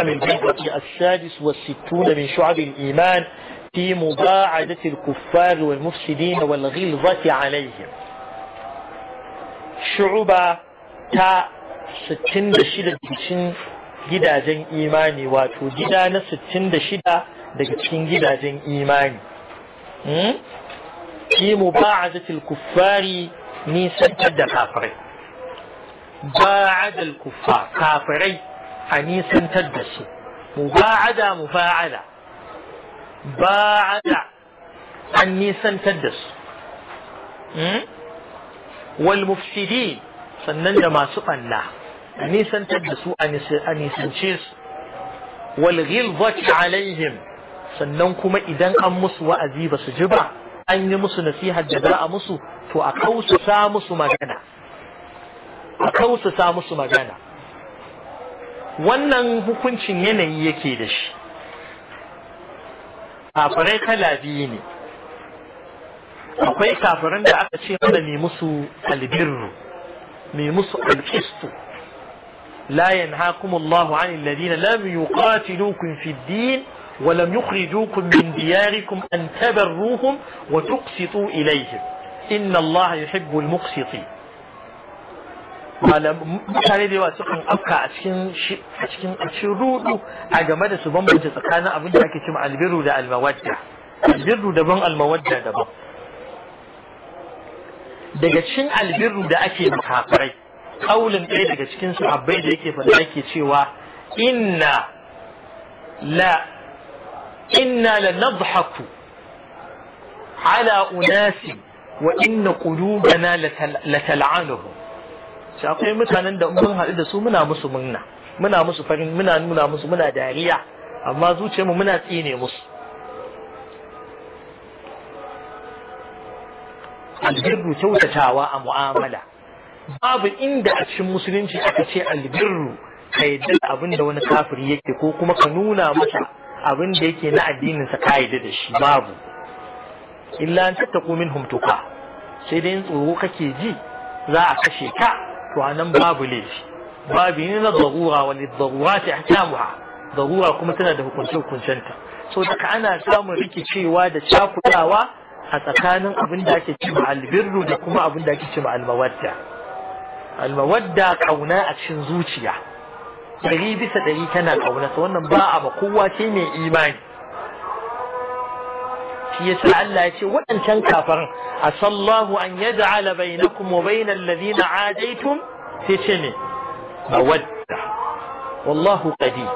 الإمام البيضقي السادس والستون من شعب الإيمان في مباعدة الكفار والمفسدين والغلظة عليهم شعوبة تا ستين دشدة دشين جدا جن إيماني واتو جدا نستين دشدة دشين جدا جن إيماني في مباعدة الكفار نيسا جدا كافرين باعد الكفار كافرين حني سنتر مباعدة مفاعلة باعدة حني سنتر والمفسدين سنن جما سؤال لا حني سنتر دسو حني والغلظة عليهم سننكم إذا أمس وأذيب سجبا أن يمس نسيها الجبراء مسو فأقوس سامس مجانا أقوس سامس مجانا wannan hukuncin yanayi yake da shi kafirai kala biyu ne akwai kafirin da aka ce mana mai musu albirru mai musu alkistu la لا anil ladina lam yuqatilukum لم din wa lam yukhrijukum min diyarikum an tabarruhum wa tuqsitu ilayhim inna الله yuhibbul muqsitin mutane da yawa sukan afka a cikin a cikin a cikin rudu a game da su bambanta tsakanin abin da ake cewa albiru da almawadda albirru daban almawadda daban daga cikin albirru da ake makafarai kaulin ɗaya daga cikin sahabbai da yake faɗa yake cewa inna la inna la nadhaku ala unasi wa inna qulubana la tal'anuhum shi akwai mutanen da mun haɗu da su muna musu murna muna musu farin muna nuna musu muna dariya amma zuciyarmu muna tsine musu albirru kyautatawa a mu'amala babu inda a cikin musulunci aka ce albirru ka yadda abin da wani kafiri yake ko kuma ka nuna masa abin da yake na addininsa ka yadda da shi babu illa an tattaku minhum humtuka? sai dai tsoro kake ji za a kashe ka to babu laifi babu ne na darura wani darura ta ahkamuha darura kuma tana da hukunce hukuncenta so daga ana samun rikicewa da cakudawa a tsakanin abin da ake ce albirru da kuma abin da ake ce almawadda almawadda kauna a cikin zuciya ɗari bisa ɗari tana kaunarsa wannan ba a ba kowa ce mai imani shi yasa Allah ya ce waɗancan A sallahu an yaj'ala bainakum wa bainal ladina adaitum sai ce ne wadda wallahu qadir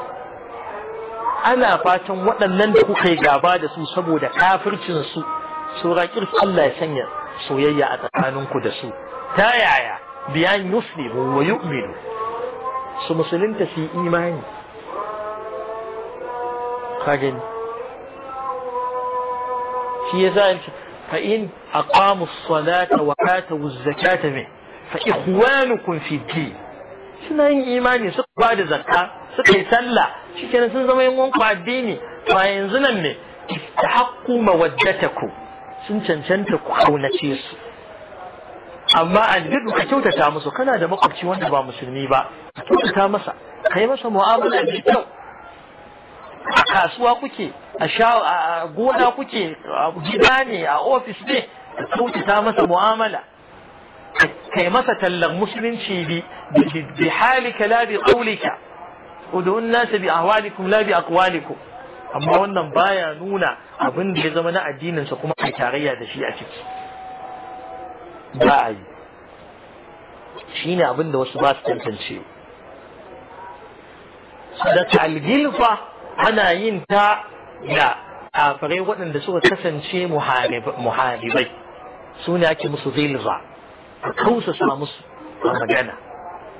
ana fatan waɗannan da kuka yi gaba da su saboda kafircin su surakir Allah ya sanya soyayya a tsakaninku da su ta yaya biyan yuslimu wa yu'minu su musulunta su yi imani shi ya sa ce fa in aqamu salata wa mai zakata me fa kun fi di suna yin imani suka ba da zakka suka yi sallah kenan sun zama yin wanku addini to yanzu nan ne istahaqqu ku sun cancanta ku kaunace su amma duk ka kyautata musu kana da makwabci wanda ba musulmi ba ka kyautata masa kai masa mu'amala da kyau a kasuwa kuke a sha a gona kuke a gida ne a ofis ne ka ta masa mu'amala kai masa tallan musulunci bi bi halika la bi ud'u an-nas bi ahwalikum la bi aqwalikum amma wannan baya nuna abin da ya zama na addinin sa kuma a tarayya da shi a ciki ba a yi shine abin da wasu ba su tantance da gilfa ana yin ta da kafirai waɗanda suka kasance muharibai su ne ake musu zilza a kausasa musu a magana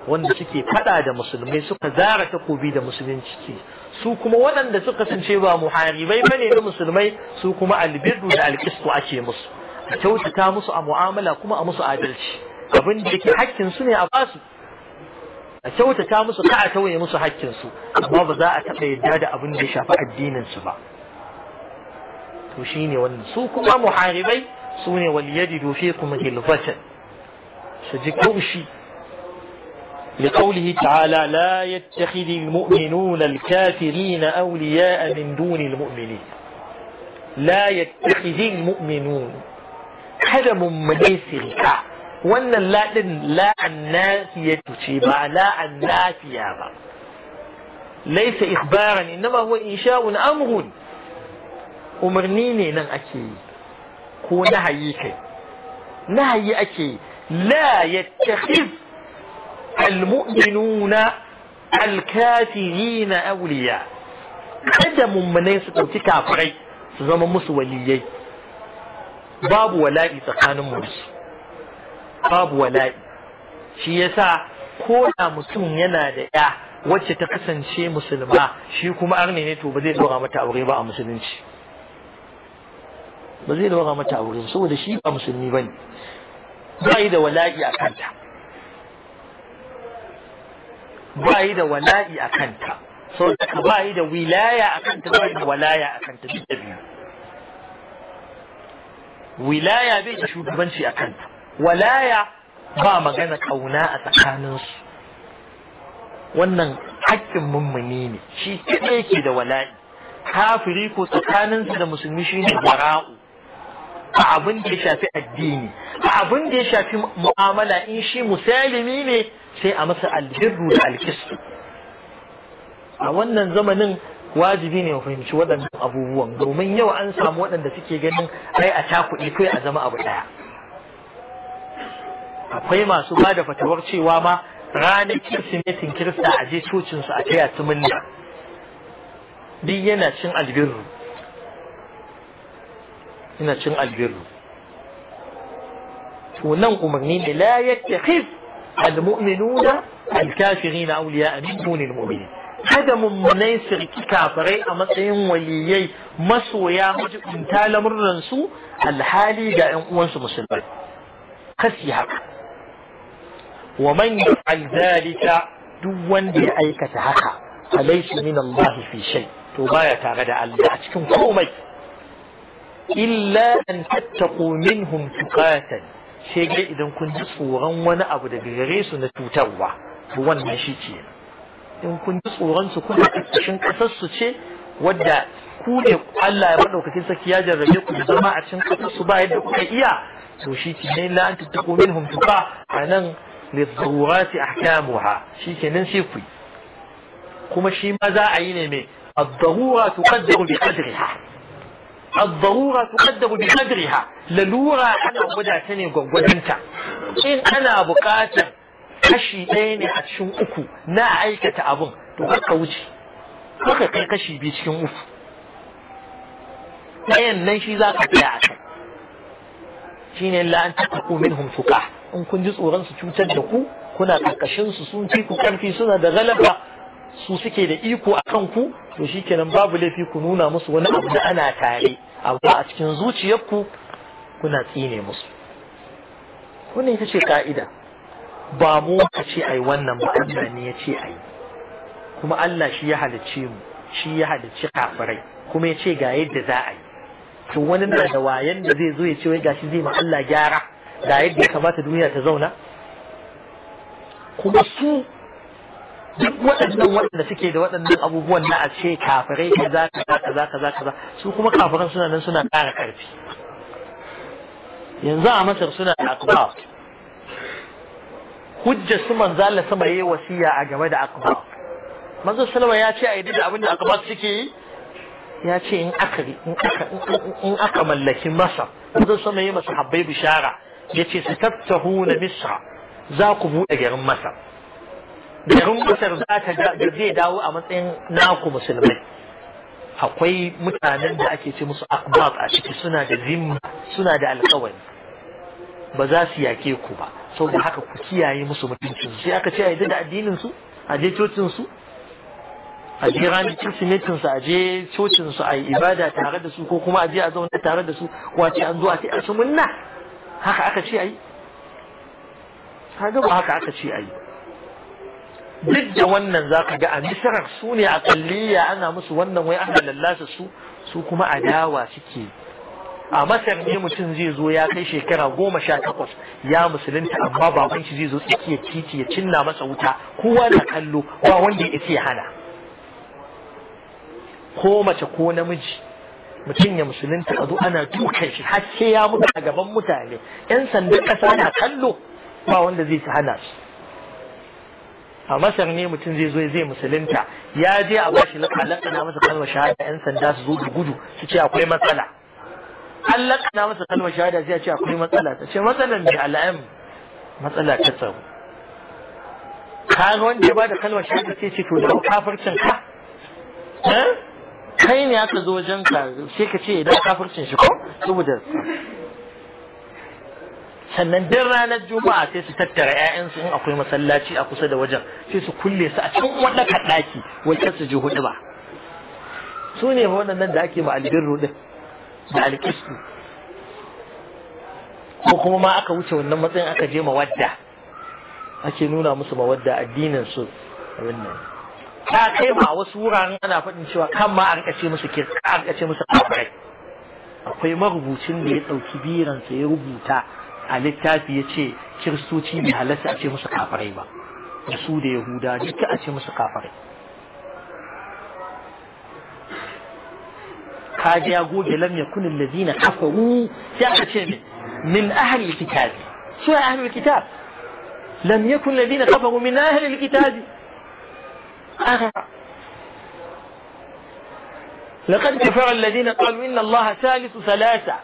wanda suke fada da musulmai suka zara takobi da musulunci su kuma waɗanda suka kasance ba muharibai bane na musulmai su kuma albidu da alkistu ake musu a kyautata musu a mu'amala kuma a musu adalci abin da yake hakkin su ne a basu a kyautata musu ka a tauye musu haƙƙinsu amma ba za a taɓa yadda da abin da ya shafi addininsu ba to shi ne wannan su kuma muharibai su ne waliyadi dofe kuma gilfatan su ji kaushi لقوله تعالى لا يتخذ المؤمنون الكافرين أولياء من دون المؤمنين لا يتخذ المؤمنون هذا من منيسرك wannan laɗin la'an nafiya ce ba la'an nafiya ba laisa ikhbaran innama huwa insha'un amrun umarni ne nan ake yi ko nahayi kai nahayi ake yi la yattakhidh almu'minuna alkafirina awliya kada mummunai su ɗauki kafirai su zama musu waliyai babu wala'i tsakanin musu babu wala'i shi yasa ko da mutum yana da ya wacce ta kasance musulma shi kuma arne ne to ba zai dora mata aure ba a musulunci ba zai dora mata aure saboda shi ba musulmi ba bane ba yi da wala'i a kanta ba yi da wala'i a kanta saboda ka ba yi da wilaya a kanta ba yi da walaya a kanta duk da biyu wilaya bai da shugabanci a kanta walaya ba magana kauna a tsakaninsu wannan haƙƙin mummuni ne shi kiɗa yake da wala'i kafiri ko tsakaninsu da musulmi shi ne bara'u a abin da ya shafi addini a abin da ya shafi mu'amala in shi musalimi ne sai a masa albirru da alkisu a wannan zamanin wajibi ne mu fahimci waɗannan abubuwan domin yau an samu waɗanda suke ganin ai a cakuɗe kai a zama abu ɗaya akwai masu ba da fatawar cewa ma ranar kirsimetin kirista a je cocinsu a a tumin da duk yana cin albirru yana cin albirru to nan umarni ne la yattakhif almu'minuna alkafirina awliya min dunil mu'minin kada mummunai sirki kafirai a matsayin waliyai masoya majibinta su alhali ga 'yan uwansu musulmai kasi haka wa man yaf'al ta duk wanda ya aikata haka falaysa min Allah fi shay to baya tare da Allah a cikin komai illa an tattaqu minhum tuqatan sai dai idan kun ji tsoron wani abu da gare su na cutarwa to wannan shi ke in kun ji tsoron su kuna cikin kasar su ce wadda ku ne Allah ya madaukakin sarki ya jarrabe ku zama a cikin kasar su ba yadda kuka iya to shi ke ne la an tattaqu minhum للضرورات أحكامها شي كنن سيكوي كما شي ماذا أين مي الضرورة تقدر بقدرها الضرورة تقدر بقدرها للورة أنا أبدا تاني قدنتا إن أنا بقاتل kashi ɗaya ne a cikin uku na aikata abin to haka wuce haka kai kashi biyu cikin uku ɗayan nan shi za ka tsaya a kai shine la an taku minhum in kun ji tsoron su cutar da ku kuna karkashin su sun ci ku karfi suna da galaba su suke da iko a kan ku to shikenan babu laifi ku nuna musu wani abu da ana tare amma a cikin zuciyarku kuna tsine musu wannan ita ce ka'ida ba mu ka ce ai wannan ba Allah ne ya ce ai kuma Allah shi ya halicce mu shi ya halicci kafirai kuma ya ce ga yadda za a yi to wani na da wayan da zai zo ya ce wai gashi zai ma Allah gyara da yadda ya kamata duniya ta zauna kuma su duk waɗannan waɗanda suke da waɗannan abubuwan na a ce kafirai kaza kaza kaza kaza kaza su kuma kafiran suna nan suna ƙara ƙarfi yanzu a masar suna da akbar hujja su Manzala Allah sama yi wasiya a game da akbar manzo salama ya ce a yi da abin da akbar suke yi ya ce in aka in aka mallaki masar manzo sama yi masa habbai bishara yace na misra za ku buɗe garin masar garin masar za ta zai dawo a matsayin naku musulmai akwai mutanen da ake ce musu akbab a ciki suna da zimma suna da alkawari ba za su yake ku ba saboda haka ku kiyaye musu mutuncin sai aka ce a yadda da addinin su a je cocin su a je ranar kirsimetin su a je cocin su a yi ibada tare da su ko kuma a je a zauna tare da su wace an zo a ce a munna haka aka ce ai kaga ba haka aka ce ai duk da wannan zaka ga a misrar su ne a kalliya ana musu wannan wai ana lallasa su su kuma adawa suke a masar ne mutum zai zo ya kai shekara goma sha takwas ya musulunta amma baban shi zai zo tsakiyar titi ya cinna masa wuta kowa na kallo ba wanda ya ce ya hana ko mace ko namiji mutum ya musulunta a zo ana dukan shi har sai ya mutu a gaban mutane yan sandan kasa na kallo ba wanda zai ta hana su. a masar ne mutum zai zo zai musulunta ya je a ba bashi na masa kalmar shahada yan sanda su zo da gudu su ce akwai matsala an lakana masa kalmar shahada sai ce akwai matsala ta ce matsalan mai al'am matsala ta tsaro ka wanda ya da kalmar shahada sai ce to da kafircin ka eh? kai ne aka zo wajen ka sai ka ce idan kafircin shi ko saboda sannan duk ranar juma'a sai su tattara 'ya'yansu in akwai masallaci a kusa da wajen sai su kulle su a cikin wadaka daki wai su ji hudu ba su ne nan da ake ma albirru din da alƙisu ko kuma ma aka wuce wannan matsayin aka je mawadda ake nuna musu mawadda addinin su wannan ta kai ma wasu wuraren ana faɗin cewa kan ma a rika ce musu kirka a rika ce musu kafirai akwai marubucin da ya ɗauki biransa ya rubuta a littafi ya ce kiristoci bai halatta a ce musu kafirai ba da su da yahuda duka a ce musu kafirai kaji ya goge lam yakun allazina kafaru sai aka ce min, min ahli kitabi su ahli kitab lam yakun allazina kafaru min ahli kitabi قرر لقد كفر الذين قالوا إن الله ثالث ثلاثة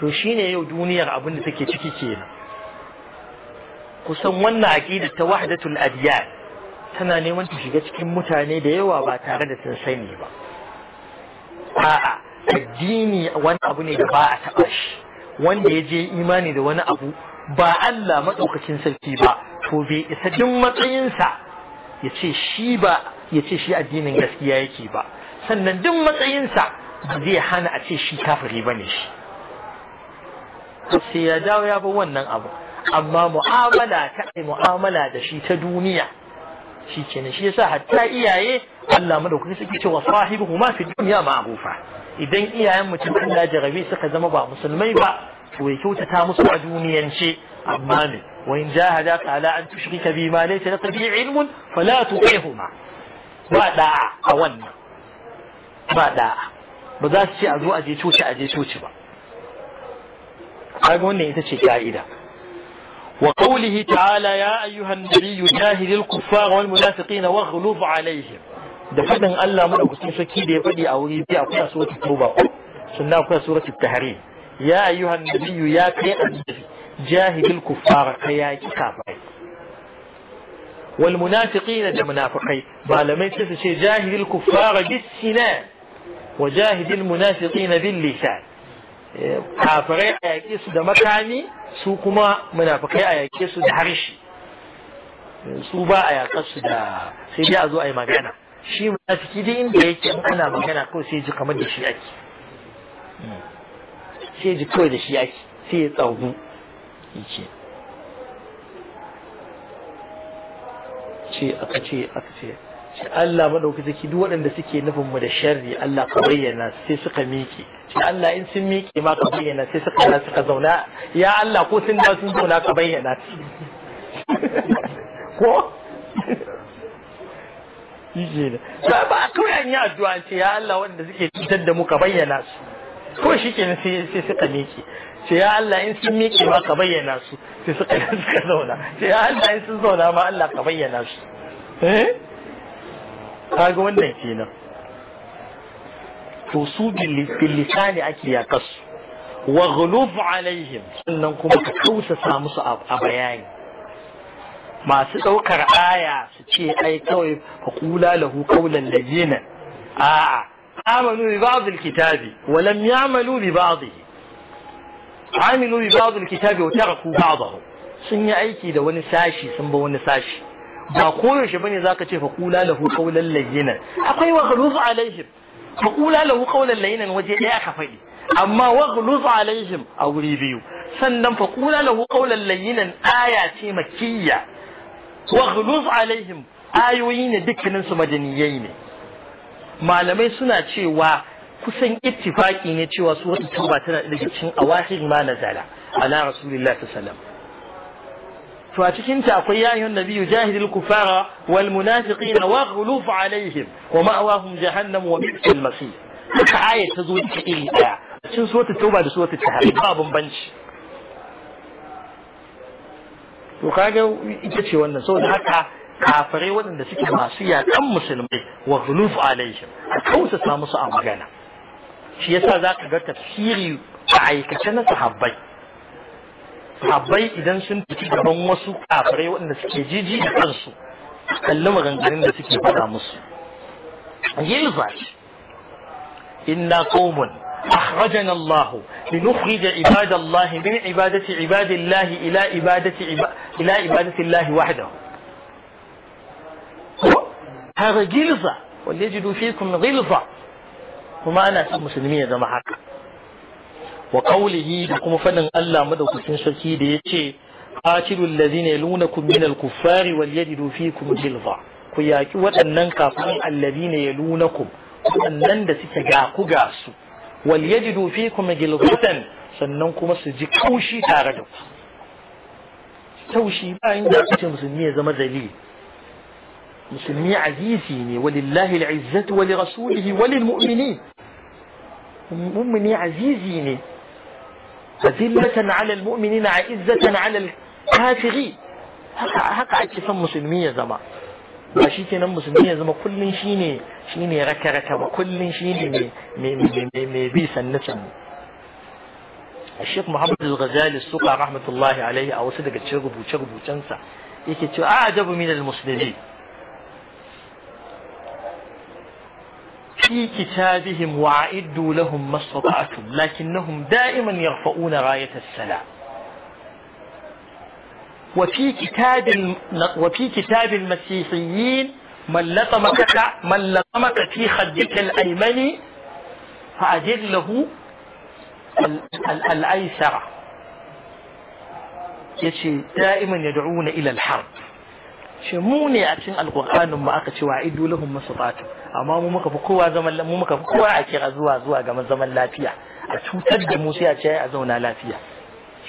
to shine yau duniyar abin da take ciki kenan kusan wannan aqida ta wahdatul adyan tana neman ta shiga cikin mutane da yawa ba tare da sun sani ba a'a addini wani abu ne da ba a taɓa shi wanda ya je imani da wani abu ba Allah maɗaukacin sarki ba Gobe bai isa duk matsayinsa ya ce shi ba ya ce shi addinin gaskiya yake ba sannan duk matsayinsa ba zai hana a ce shi kafiri ba ne shi sai ya dawo ya bi wannan abu amma mu'amala ta ai mu'amala da shi ta duniya shi kenan shi yasa hatta iyaye Allah madaukaki suke cewa sahibu ma fi dunya ma'rufa idan iyayen mutum Allah jarabi suka zama ba musulmai ba to ya kyautata musu a duniyance أمان وإن جاهدك على أن تشرك بما ليس لك به علم فلا تطيعهما بعد أولنا بعد بذات شيء أزو أجي توشي أجي توشي با أقول إنت شيء قائدة وقوله تعالى يا أيها النبي جاهد الكفار والمنافقين واغلظ عليهم دفعنا أن الله من أقسم شكيد يبدي أو يبدي أو سورة التوبة سنة أقول سورة التحريم يا أيها النبي يا كي النبي جاهد الكفار كياكي كافري والمنافقين دا منافقي ما لم شيء جاهد الكفار بالسنة وجاهد المنافقين باللسان كافري كياكي سودا مكاني سوكما منافقي كياكي سودا حرشي سوبا ايا قصدا سيدي ازو اي مغانا شي منافقي دين بيكي انا مغانا كو سيجي كمان دي شيئكي سيجي كو دي شيئكي سيجي yake ce aka ce aka ce ce Allah madauki zaki duk waɗanda suke nufin mu da sharri Allah ka bayyana sai suka miƙe ce Allah in sun miƙe ma ka bayyana sai suka na suka zauna ya Allah ko sun da sun zauna ka bayyana ko yi ne ba kawai an yi addu'a ce ya Allah waɗanda suke cutar da mu ka bayyana su ko shi ke sai sai suka miƙe sai ya Allah in sun miƙe ma ka bayyana su sai suka suka zauna sai ya Allah in sun zauna ma Allah ka bayyana su eh kaga wannan kenan to su bilisani ake ya kasu wa ghuluf alaihim sannan kuma ka kausasa musu a bayani masu ɗaukar aya su ce ai kawai fa qula lahu qawlan lajina a'a عملوا ببعض الكتاب ولم يعملوا ببعضه عملوا ببعض الكتاب وتركوا بعضه سن يأيكي ده ونساشي سنبه ونساشي ما قول شبني ذاك تي فقولا له قولا لينا أقوي وغلوظ عليهم فقولا له قولا لينا وجه يا إيه حفيد أما وغلوظ عليهم أو ريبيو سنن فقولا له قولا لينا آية مكية وغلوظ عليهم آيوين دكنا سمدنيين malamai suna cewa kusan ittifaki ne cewa suratul tauba tana daga cikin awahir ma nazala ala rasulillah sallam to a cikin ta akwai ya ayyuhan nabiyyu jahidil kufara wal munafiqina wa ghuluf alaihim wa ma'awahum jahannam wa bi'sal masir duka aya ta zo duka iri daya cikin suratul tauba da suratul tahrim ba bambanci to kaga ita ce wannan saboda haka kafirai waɗanda suke masu yaƙan musulmai wa hulufu alaihim a kausasa musu a magana shi yasa za ka ga tafsiri a aikace na sahabbai sahabbai idan sun fiti gaban wasu kafirai waɗanda suke jiji da kansu kalli maganganun da suke faɗa musu yilza inna qaumun أخرجنا الله لنخرج عباد الله من عبادة عباد الله إلى عبادة إلى عبادة الله وحده har gilza wanda dufi kun gilza kuma ana son musulmi ya zama haka wa da kuma faɗin Allah madaukakin sarki da ya ce قاتلوا الذين يلونكم من الكفار وليجدوا فيكم جلظة ku yaƙi waɗannan kafin allazina yalunakum waɗannan da suke gaku ga su wal yajidu fikum gilzatan sannan kuma su ji kaushi tare da ku taushi bayan da kace musulmi ya zama dalili يسميه عزيزين ولله العزة ولرسوله وللمؤمنين مؤمنين عزيزين أذلة على المؤمنين عزة على الكافرين هكا هكا عكسا مسلمية زعما ماشي كنا مسلمية زما كل شيني شيني ركا ركا وكل شيني مي مي مي مي مي بيسا نتن الشيخ محمد الغزالي السقا رحمة الله عليه أو صدق تشربو تشربو تنسى يكي تشربو أعجب من المسلمين في كتابهم وأعدوا لهم ما استطعتم لكنهم دائما يرفعون راية السلام وفي كتاب وفي كتاب المسيحيين من لطمك من لطمك في خدك الأيمن فأجر له الأيسر يشي دائما يدعون إلى الحرب ce mu ne a cikin alqur'anin mu aka ce wa lahun lahum fatu amma mu muka fi kowa zaman mu muka fi kowa a kira zuwa zuwa ga zaman lafiya a cutar da mu sai a ce a zauna lafiya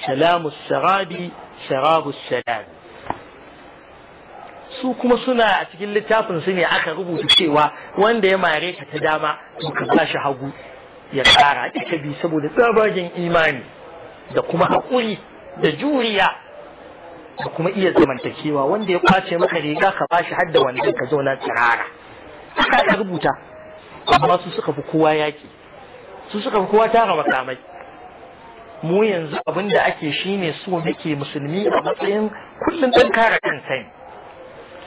salamu sarabi sharabu salam su kuma suna a cikin littafin su ne aka rubuta cewa wanda ya mare ka ta dama to ka ba shi hagu ya kara ita bi saboda tsabagen imani da kuma haƙuri da juriya da kuma iya zamantakewa wanda ya kwace maka riga ka bashi hadda wanda ka zauna tsirara aka ka rubuta amma su suka fi kowa yaki su suka fi kowa tara makamai mu yanzu abin da ake shine so muke musulmi a matsayin kullum ɗan kare kan kai.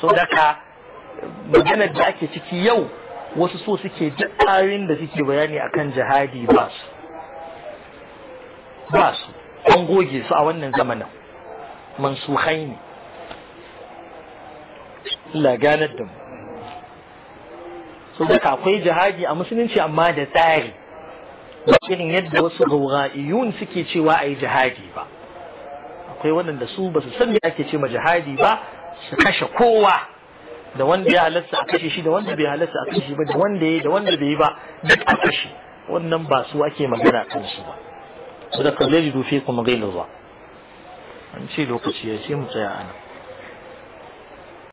so daga maganar da ake ciki yau wasu so suke duk ayoyin da suke bayani akan jihadi ba su ba su an goge su a wannan zamanin mansukhai ne Allah ganar da mu saboda akwai jihadi a musulunci amma da tsari ba irin yadda wasu gaura'iyun suke cewa a yi jihadi ba akwai waɗanda su ba su san me ake ce ma jihadi ba su kashe kowa da wanda ya halatta a kashe shi da wanda bai halatta a kashe ba da wanda ya da wanda bai ba duk a kashe wannan ba su ake magana kan su ba saboda kallaji dufe kuma gailu ba 记都不也气不自然。